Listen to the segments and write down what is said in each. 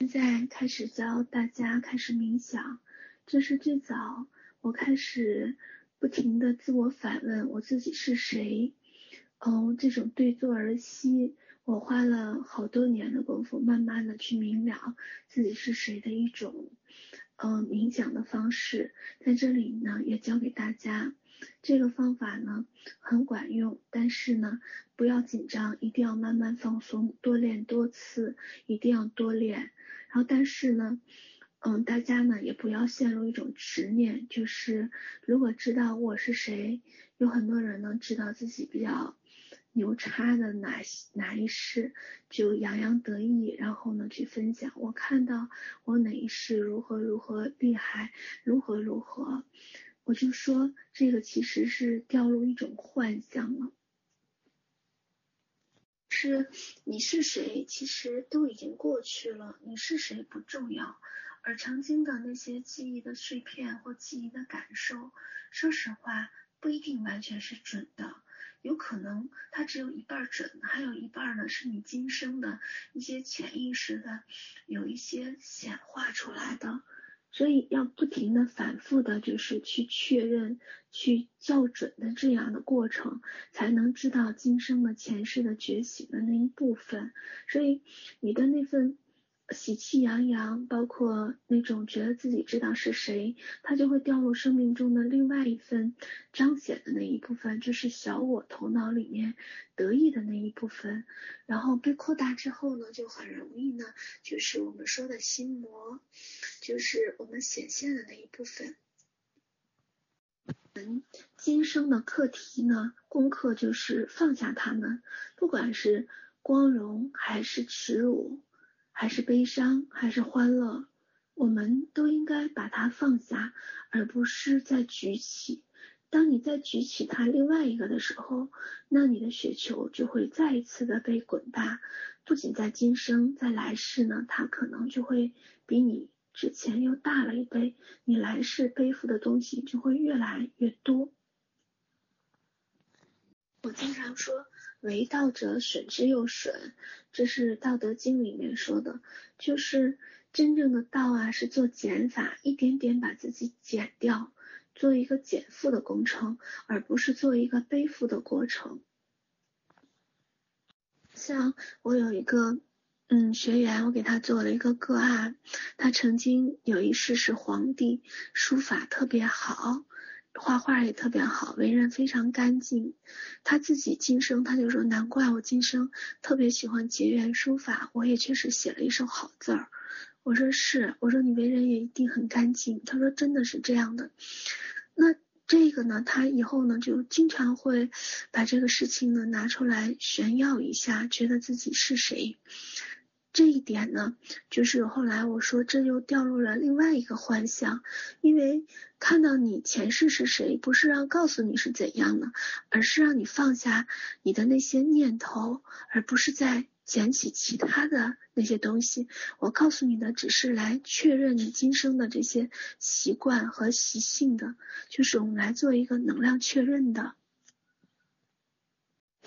現在開始教大家開始冥想，這是最早我開始不停地自我反問我自己是誰，嗯、哦，這種對坐而息，我花了好多年的功夫，慢慢地去明了自己是誰的一種，嗯、呃，冥想的方式，在這裡呢也教給大家，這個方法呢很管用，但是呢不要緊張，一定要慢慢放鬆，多練多次，一定要多練。然後，但是呢，嗯，大家呢也不要陷入一種執念，就是如果知道我是誰，有很多人呢知道自己比較牛叉的，哪哪一世，就洋洋得意，然後呢去分享我看到我哪一世如何如何厲害，如何如何，我就說這個其實是掉入一種幻象了。是你是誰，其實都已經過去了。你是誰不重要，而曾經的那些記憶的碎片或記憶的感受，說實話不一定完全是準的，有可能它只有一半準，還有一半呢，是你今生的一些潛意識的，有一些顯化出來的。所以要不停的、反覆的，就是去確認、去校準的這樣的過程，才能知道今生的前世的覺醒的那一部分。所以你的那份。喜氣洋洋，包括那種覺得自己知道是誰，他就會掉入生命中的另外一份彰顯的那一部分，就是小我頭腦裡面得意的那一部分。然後被擴大之後呢，就很容易呢，就是我們說的心魔，就是我們顯現的那一部分。嗯，今生的課題呢，功課就是放下他們，不管是光榮還是恥辱。還是悲傷，還是歡樂，我們都應該把它放下，而不是再舉起。當你再舉起它另外一個的時候，那你的雪球就會再一次的被滾大。不僅在今生，在來世呢，它可能就會比你之前又大了一倍。你來世背負的東西就會越來越多。我經常說。為道者損之又損，這是《道德經》裡面說的，就是真正的道啊，是做減法，一點點把自己減掉，做一個減負的工程，而不是做一個背負的過程。像我有一個嗯學員，我給他做了一個個案，他曾經有一世是皇帝，書法特別好。畫畫也特別好，為人非常乾淨。他自己今生他就說，難怪我今生特別喜歡結緣書法，我也確實寫了一手好字兒。我說是，我說你為人也一定很乾淨。他說真的是這樣的。那這個呢，他以後呢，就經常會把這個事情呢拿出來炫耀一下，覺得自己是誰。這一點呢，就是後來我說，這又掉入了另外一個幻象，因為看到你前世是誰，不是讓告訴你是怎樣的，而是讓你放下你的那些念頭，而不是再撿起其他的那些東西。我告訴你的，只是來確認你今生的這些習慣和習性的，就是我們來做一個能量確認的。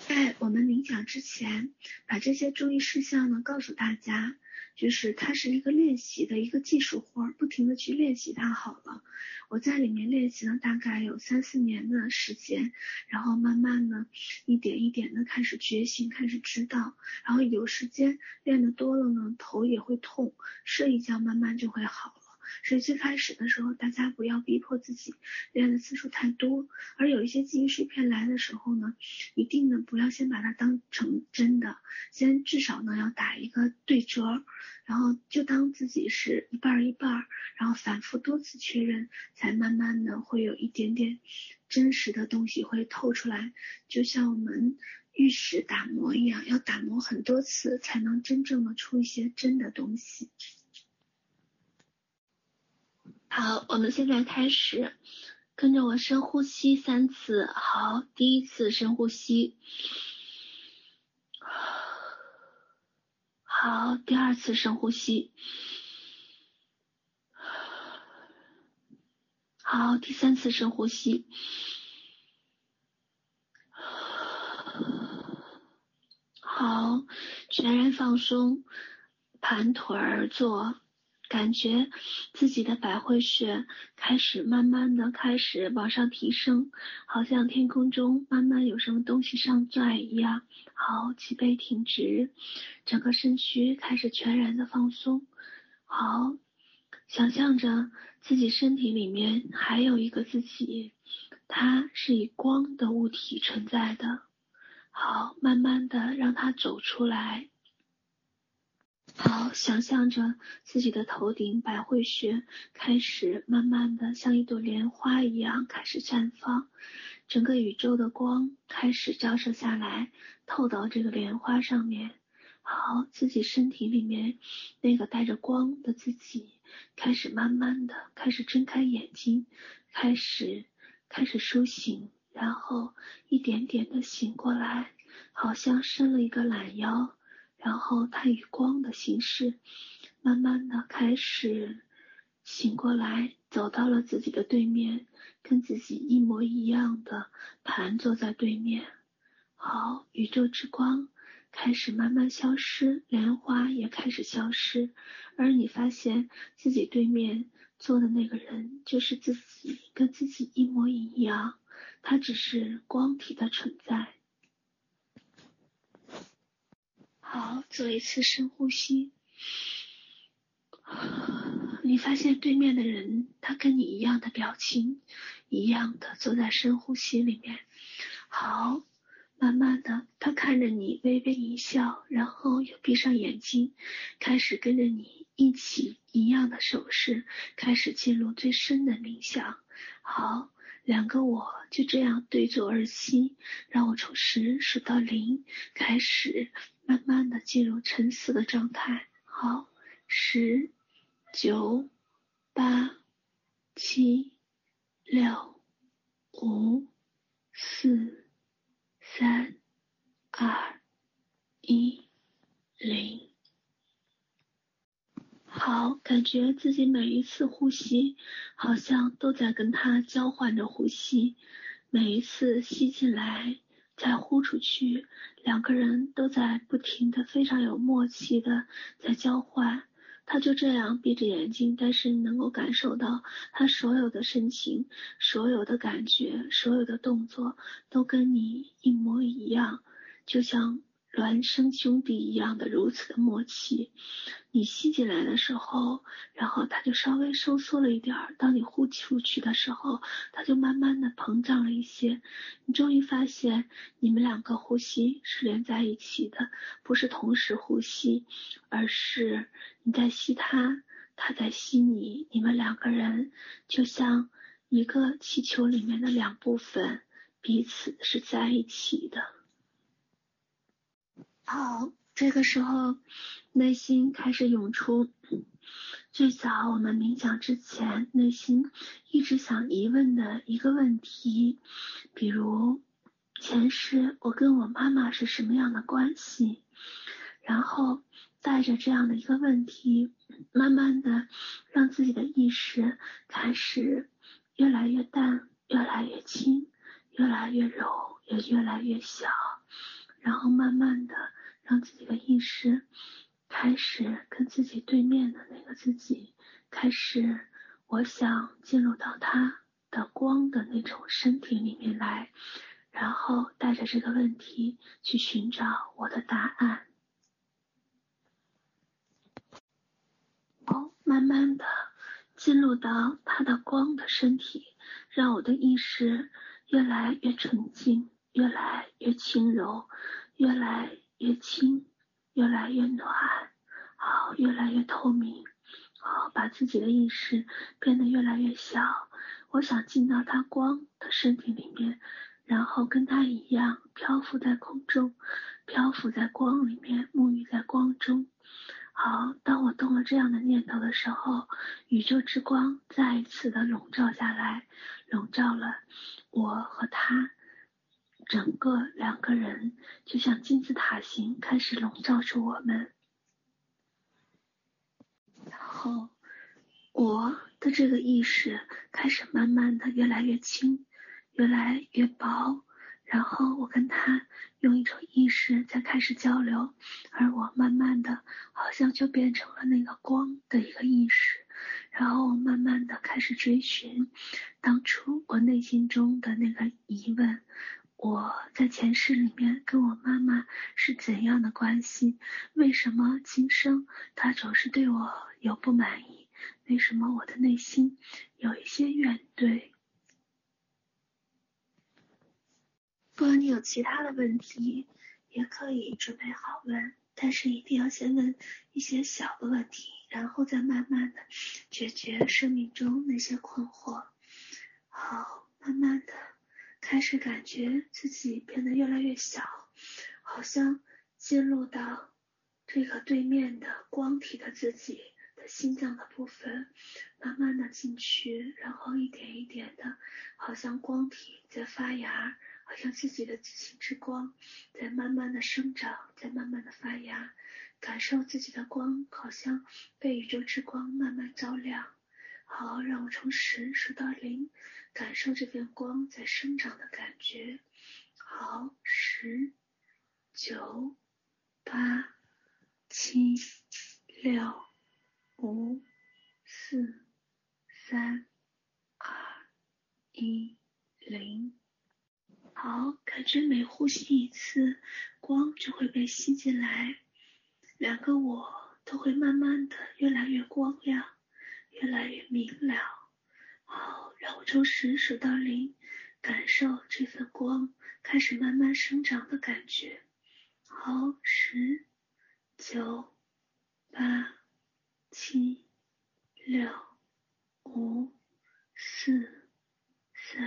在我們冥想之前，把這些注意事項呢告訴大家，就是它是一個練習的一個技術活兒，不停的去練習它好了。我在裡面練習了大概有三四年的時間，然後慢慢呢，一點一點的開始覺醒，開始知道，然後有時間練得多了呢，頭也會痛，睡一覺慢慢就會好了。所以最開始的時候，大家不要逼迫自己練的次數太多，而有一些記憶碎片來的時候呢，一定呢不要先把它當成真的，先至少呢要打一個對折，然後就當自己是一半一半，然後反復多次確認，才慢慢的會有一點點真實的東西會透出來，就像我們玉石打磨一樣，要打磨很多次才能真正的出一些真的東西。好，我們現在開始跟着我深呼吸三次。好，第一次深呼吸。好，第二次深呼吸。好，第三次深呼吸。好，全然放鬆，盤腿而坐。感覺自己的百會穴開始慢慢的開始往上提升，好像天空中慢慢有什麼東西上鑽一樣。好，脊背挺直，整個身軀開始全然的放鬆。好，想象着自己身體裡面還有一個自己，它是以光的物體存在的。好，慢慢的讓它走出來。好，想象着自己的頭頂百會穴開始慢慢的像一朵蓮花一樣開始綻放，整個宇宙的光開始照射下來，透到這個蓮花上面。好，自己身體裡面那個帶着光的自己開始慢慢的開始睜開眼睛，開始開始甦醒，然後一點點的醒過來，好像伸了一個懶腰。然後他以光的形式，慢慢的開始醒過來，走到了自己的對面，跟自己一模一樣的盤坐在對面。好，宇宙之光開始慢慢消失，蓮花也開始消失，而你發現自己對面坐的那個人就是自己，跟自己一模一樣，他只是光體的存在。好，做一次深呼吸。你發現對面的人，他跟你一樣的表情，一樣的坐在深呼吸裡面。好，慢慢的，他看着你微微一笑，然後又閉上眼睛，開始跟着你一起一樣的手勢，開始進入最深的冥想。好，兩個我就這樣對坐而息，讓我從十數到零，開始。慢慢的進入沉思的狀態。好，十，九，八，七，六，五，四，三，二，一，零。好，感覺自己每一次呼吸好像都在跟他交換着呼吸，每一次吸進來。在呼出去，兩個人都在不停的、非常有默契的在交換。他就這樣閉着眼睛，但是你能夠感受到他所有的深情、所有的感覺、所有的動作都跟你一模一樣，就像。孿生兄弟一樣的如此的默契，你吸進來的時候，然後它就稍微收縮了一點兒；當你呼出去的時候，它就慢慢的膨脹了一些。你終於發現，你們兩個呼吸是連在一起的，不是同時呼吸，而是你在吸他，他在吸你。你們兩個人就像一個氣球裡面的兩部分，彼此是在一起的。好，oh, 這個時候內心開始湧出，最早我們冥想之前內心一直想疑問的一個問題，比如前世我跟我媽媽是什麼樣的關係？然後帶着這樣的一個問題，慢慢的讓自己的意識開始越來越淡，越來越輕，越來越柔，也越來越小。然後慢慢的，讓自己的意識開始跟自己對面的那個自己開始，我想進入到他的光的那種身體裡面來，然後帶着這個問題去尋找我的答案。哦，慢慢的進入到他的光的身體，讓我的意識。把自己的意識變得越來越小，我想進到他光的身體裡面，然後跟他一樣漂浮在空中，漂浮在光裡面，沐浴在光中。好，當我動了這樣的念頭的時候，宇宙之光再一次的籠罩下來，籠罩了我和他，整個兩個人就像金字塔形開始籠罩住我們，然後。我的這個意識開始慢慢的越來越輕，越來越薄，然後我跟他用一種意識在開始交流，而我慢慢的好像就變成了那個光的一個意識，然後我慢慢的開始追尋當初我內心中的那個疑問，我在前世裡面跟我媽媽是怎樣的關係？為什麼今生她總是對我有不滿意？為什麼我的內心有一些怨懟？不管你有其他的問題，也可以準備好問，但是一定要先問一些小的問題，然後再慢慢的解決生命中那些困惑。好，慢慢的開始感覺自己變得越來越小，好像進入到這個對面的光體的自己。心臟的部分，慢慢的進去，然後一點一點的，好像光體在發芽，好像自己的自信之光在慢慢的生長，在慢慢的發芽，感受自己的光，好像被宇宙之光慢慢照亮。好，讓我從十數到零，感受這片光在生長的感覺。好，十、九、八、七、六。五、四、三、二、一、零。好，感覺每呼吸一次，光就會被吸進來，兩個我都會慢慢的越來越光亮，越來越明了。好，讓我從十數到零，感受這份光開始慢慢生長的感覺。好，十、九、八。七六五四三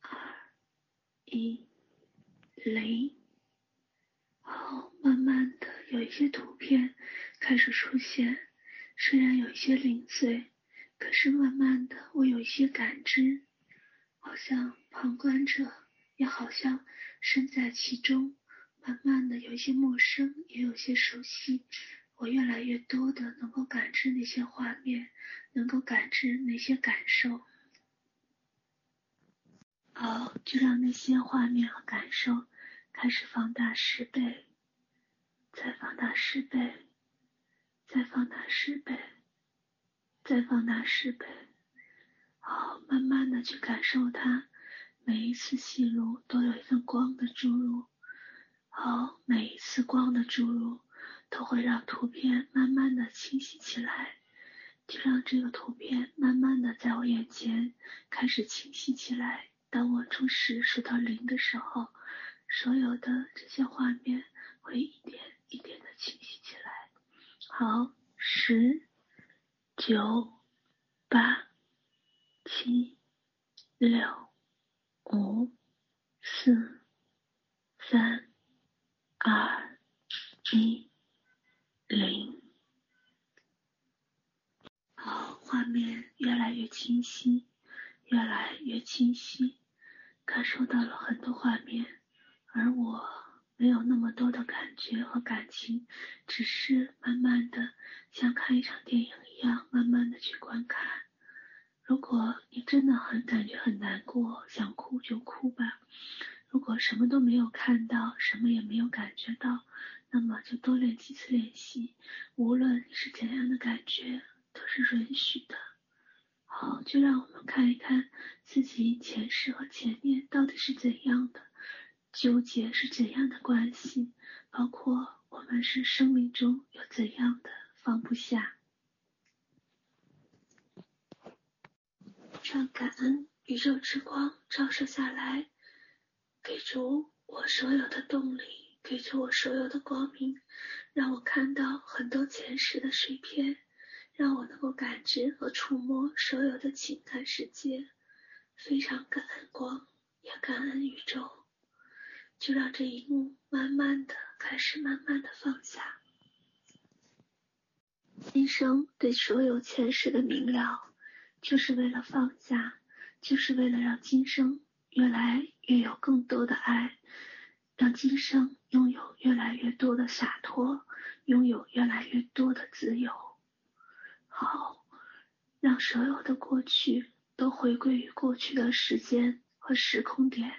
二一，零！哦，慢慢的有一些圖片開始出現，雖然有一些零碎，可是慢慢的我有一些感知，好像旁觀者，也好像身在其中。慢慢的有一些陌生，也有些熟悉。我越來越多的能夠感知那些畫面，能夠感知那些感受，好，就讓那些畫面和感受開始放大十倍，再放大十倍，再放大十倍，再放大十倍，十倍，好，慢慢的去感受它，每一次吸入都有一份光的注入，好，每一次光的注入。都會讓圖片慢慢的清晰起來，就讓這個圖片慢慢的在我眼前開始清晰起來。當我從十數到零的時候，所有的這些畫面會一點一點的清晰起來。好，十、九、八、七、六、五、四、三、二、一。零，好，畫面越來越清晰，越來越清晰，感受到了很多畫面，而我沒有那麼多的感覺和感情，只是慢慢的像看一場電影一樣，慢慢的去觀看。如果你真的很感覺很難過，想哭就哭吧。如果什麼都沒有看到，什麼也沒有感覺到。那麼就多練幾次練習，無論你是怎樣的感覺，都是允許的。好，就讓我們看一看自己前世和前面到底是怎樣的糾結，是怎樣的關係，包括我們是生命中有怎樣的放不下。讓感恩宇宙之光照射下來，給足我所有的動力。給着我所有的光明，讓我看到很多前世的碎片，讓我能夠感知和觸摸所有的情感世界。非常感恩光，也感恩宇宙。就讓這一幕慢慢的開始，慢慢的放下。今生對所有前世的明了，就是為了放下，就是為了讓今生越來越有更多的愛。讓今生擁有越來越多的灑脫，擁有越來越多的自由。好，讓所有的過去都回歸於過去的時間和時空點，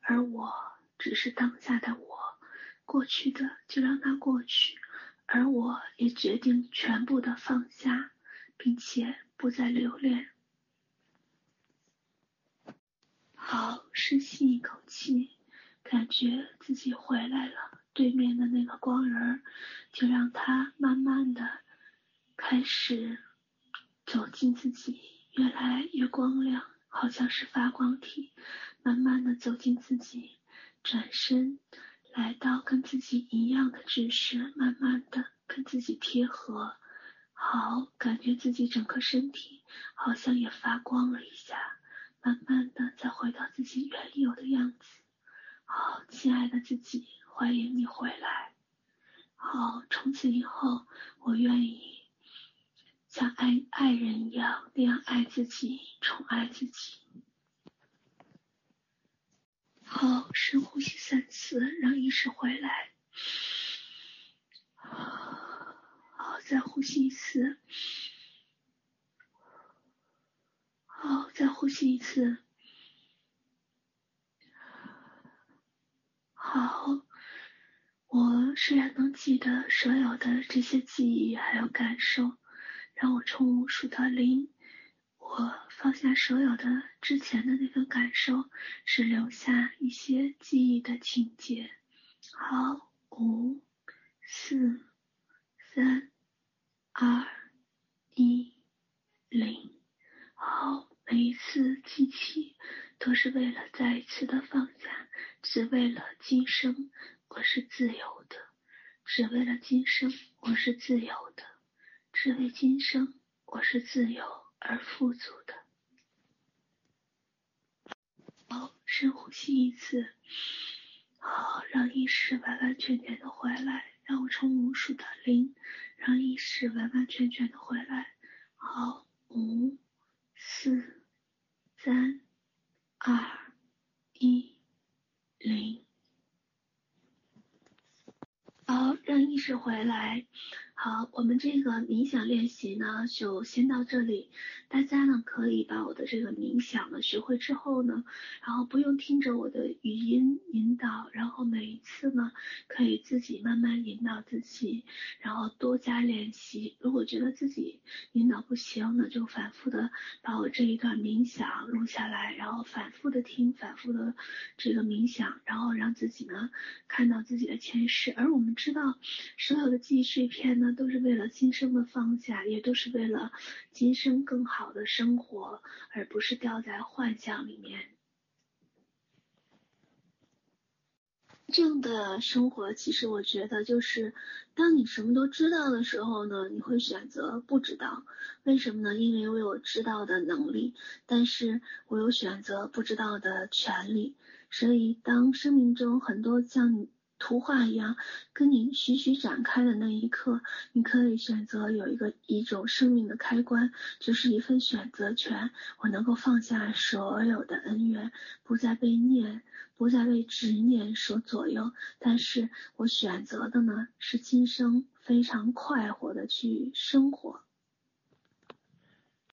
而我只是當下的我，過去的就讓它過去，而我也決定全部的放下，並且不再留戀。好，深吸一口氣。感覺自己回來了，對面的那個光人兒，就讓他慢慢的開始走進自己，越來越光亮，好像是發光體，慢慢的走進自己，轉身來到跟自己一樣的姿勢，慢慢的跟自己貼合。好，感覺自己整個身體好像也發光了一下，慢慢的再回到自己原有的樣子。好，親愛的自己，歡迎你回來。好，從此以後，我願意像愛愛人一樣，那樣愛自己，寵愛自己。好，深呼吸三次，讓意識回來。好，再呼吸一次。好，再呼吸一次。好，我雖然能記得所有的這些記憶還有感受，讓我從五數到零，我放下所有的之前的那份感受，只留下一些記憶的情節。好，五、四、三、二、一、零。好，每一次記起。都是為了再一次的放下，只為了今生我是自由的，只為了今生我是自由的，只為今生我是自由而富足的。好，深呼吸一次，好，讓意識完完全全的回來，讓我從無數的零，讓意識完完全全的回來。好，五、四、三。二一零，好，讓意識回來。好，我們這個冥想練習呢，就先到這裡。大家呢，可以把我的這個冥想呢學會之後呢，然後不用聽着我的語音。引導，然後每一次呢，可以自己慢慢引導自己，然後多加練習。如果覺得自己引導不行呢，就反覆的把我這一段冥想錄下來，然後反覆的聽，反覆的這個冥想，然後讓自己呢看到自己的前世。而我們知道，所有的記憶碎片呢，都是為了今生的放下，也都是為了今生更好的生活，而不是掉在幻象裡面。這樣的生活，其實我覺得就是，當你什麼都知道的時候呢，你會選擇不知道。為什麼呢？因為我有知道的能力，但是我有選擇不知道的權利。所以當生命中很多像你，圖畫一樣，跟你徐徐展開的那一刻，你可以選擇有一個一種生命的開關，就是一份選擇權。我能夠放下所有的恩怨，不再被念，不再被執念所左右。但是我選擇的呢，是今生非常快活的去生活。